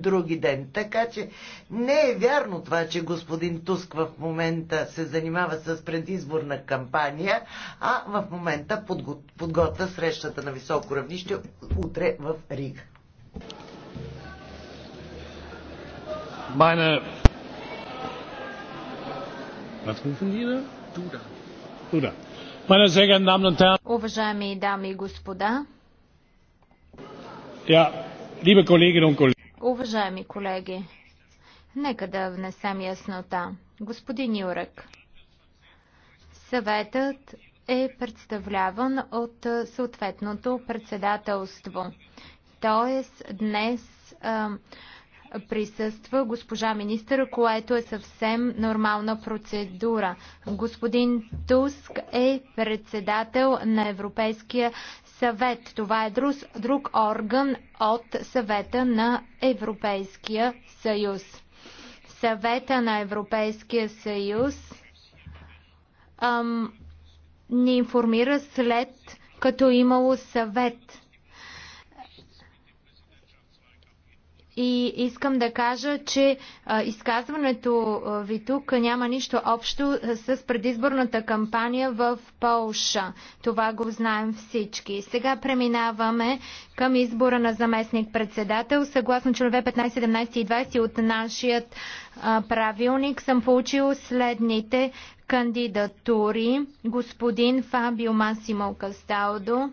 други ден. Така че не е вярно това, че господин Туск в момента се занимава с предизборна кампания, а в момента подготвя срещата на високо равнище утре в Рига. Уважаеми дами и господа. Ja, liebe Kolleginnen und Kollegen. Уважаеми колеги, нека да внесем яснота. Господин Юрек, съветът е представляван от съответното председателство. Тоест, днес а, присъства госпожа министър, което е съвсем нормална процедура. Господин Туск е председател на Европейския съвет. Това е друг, друг орган от съвета на Европейския съюз. Съвета на Европейския съюз ам, ни информира след като имало съвет И искам да кажа, че изказването ви тук няма нищо общо с предизборната кампания в Полша. Това го знаем всички. Сега преминаваме към избора на заместник-председател. Съгласно членове 15, 17 и 20 от нашият правилник съм получил следните кандидатури. Господин Фабио Масимо Касталдо.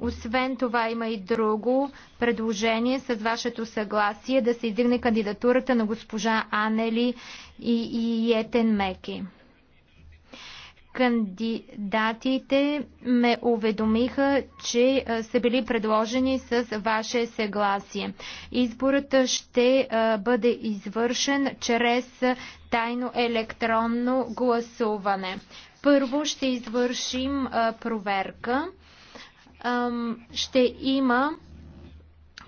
Освен това има и друго предложение с вашето съгласие да се издигне кандидатурата на госпожа Анели и, и Етен Меки. Кандидатите ме уведомиха, че са били предложени с ваше съгласие. Изборът ще бъде извършен чрез тайно електронно гласуване. Първо ще извършим проверка ще има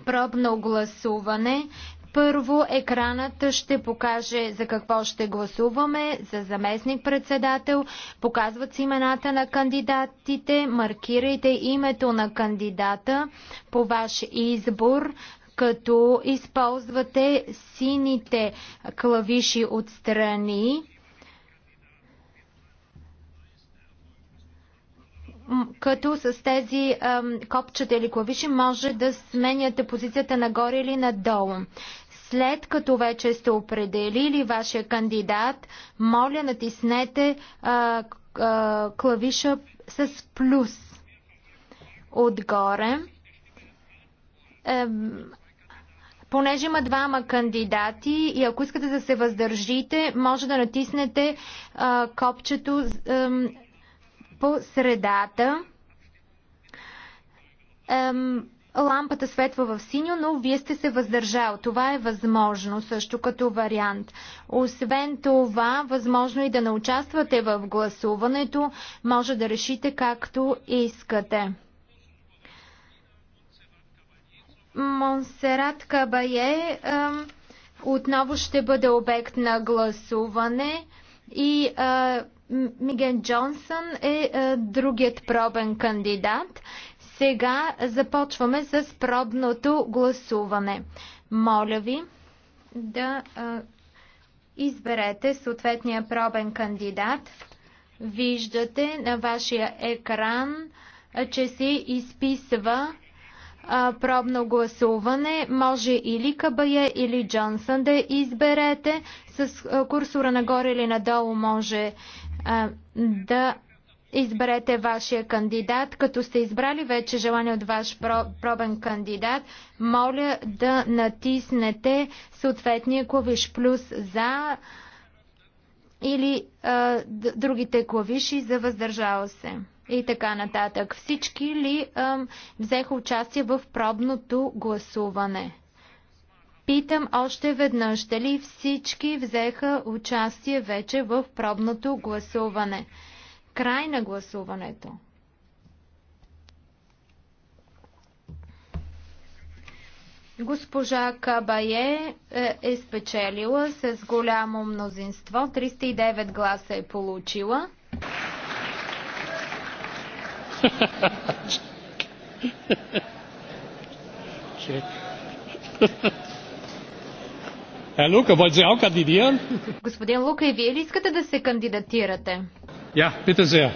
пробно гласуване. Първо екранът ще покаже за какво ще гласуваме, за заместник-председател. Показват се имената на кандидатите, маркирайте името на кандидата по ваш избор, като използвате сините клавиши отстрани като с тези копчета или клавиши може да сменяте позицията нагоре или надолу. След като вече сте определили вашия кандидат, моля натиснете а, а, клавиша с плюс отгоре. понеже има двама кандидати и ако искате да се въздържите, може да натиснете а, копчето. А, по средата. Ем, лампата светва в синьо, но вие сте се въздържал. Това е възможно също като вариант. Освен това, възможно е и да не участвате в гласуването, може да решите както искате. Монсерат Кабае ем, отново ще бъде обект на гласуване и ем, Миген Джонсън е, е другият пробен кандидат. Сега започваме с пробното гласуване. Моля ви да изберете съответния пробен кандидат. Виждате на вашия екран, че се изписва а, пробно гласуване може или Кабая, или Джонсън да изберете. С а, курсора нагоре или надолу може а, да изберете вашия кандидат. Като сте избрали вече желание от ваш пробен кандидат, моля да натиснете съответния клавиш плюс за или а, другите клавиши за въздържало се и така нататък. Всички ли ам, взеха участие в пробното гласуване? Питам още веднъж, дали всички взеха участие вече в пробното гласуване? Край на гласуването. Госпожа Кабае е, е спечелила с голямо мнозинство. 309 гласа е получила. Е, Господин Лука, и вие ли искате да се кандидатирате? Ja, bitte sehr.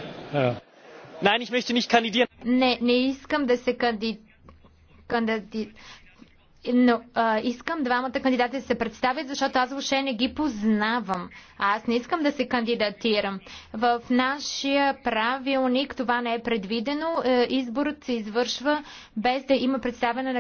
Nein, ich möchte nicht kandidieren. Не, не искам да се кандидатирам. канди... Но а, искам двамата кандидати да се представят, защото аз въобще не ги познавам. Аз не искам да се кандидатирам. В нашия правилник това не е предвидено. Е, изборът се извършва без да има представяне на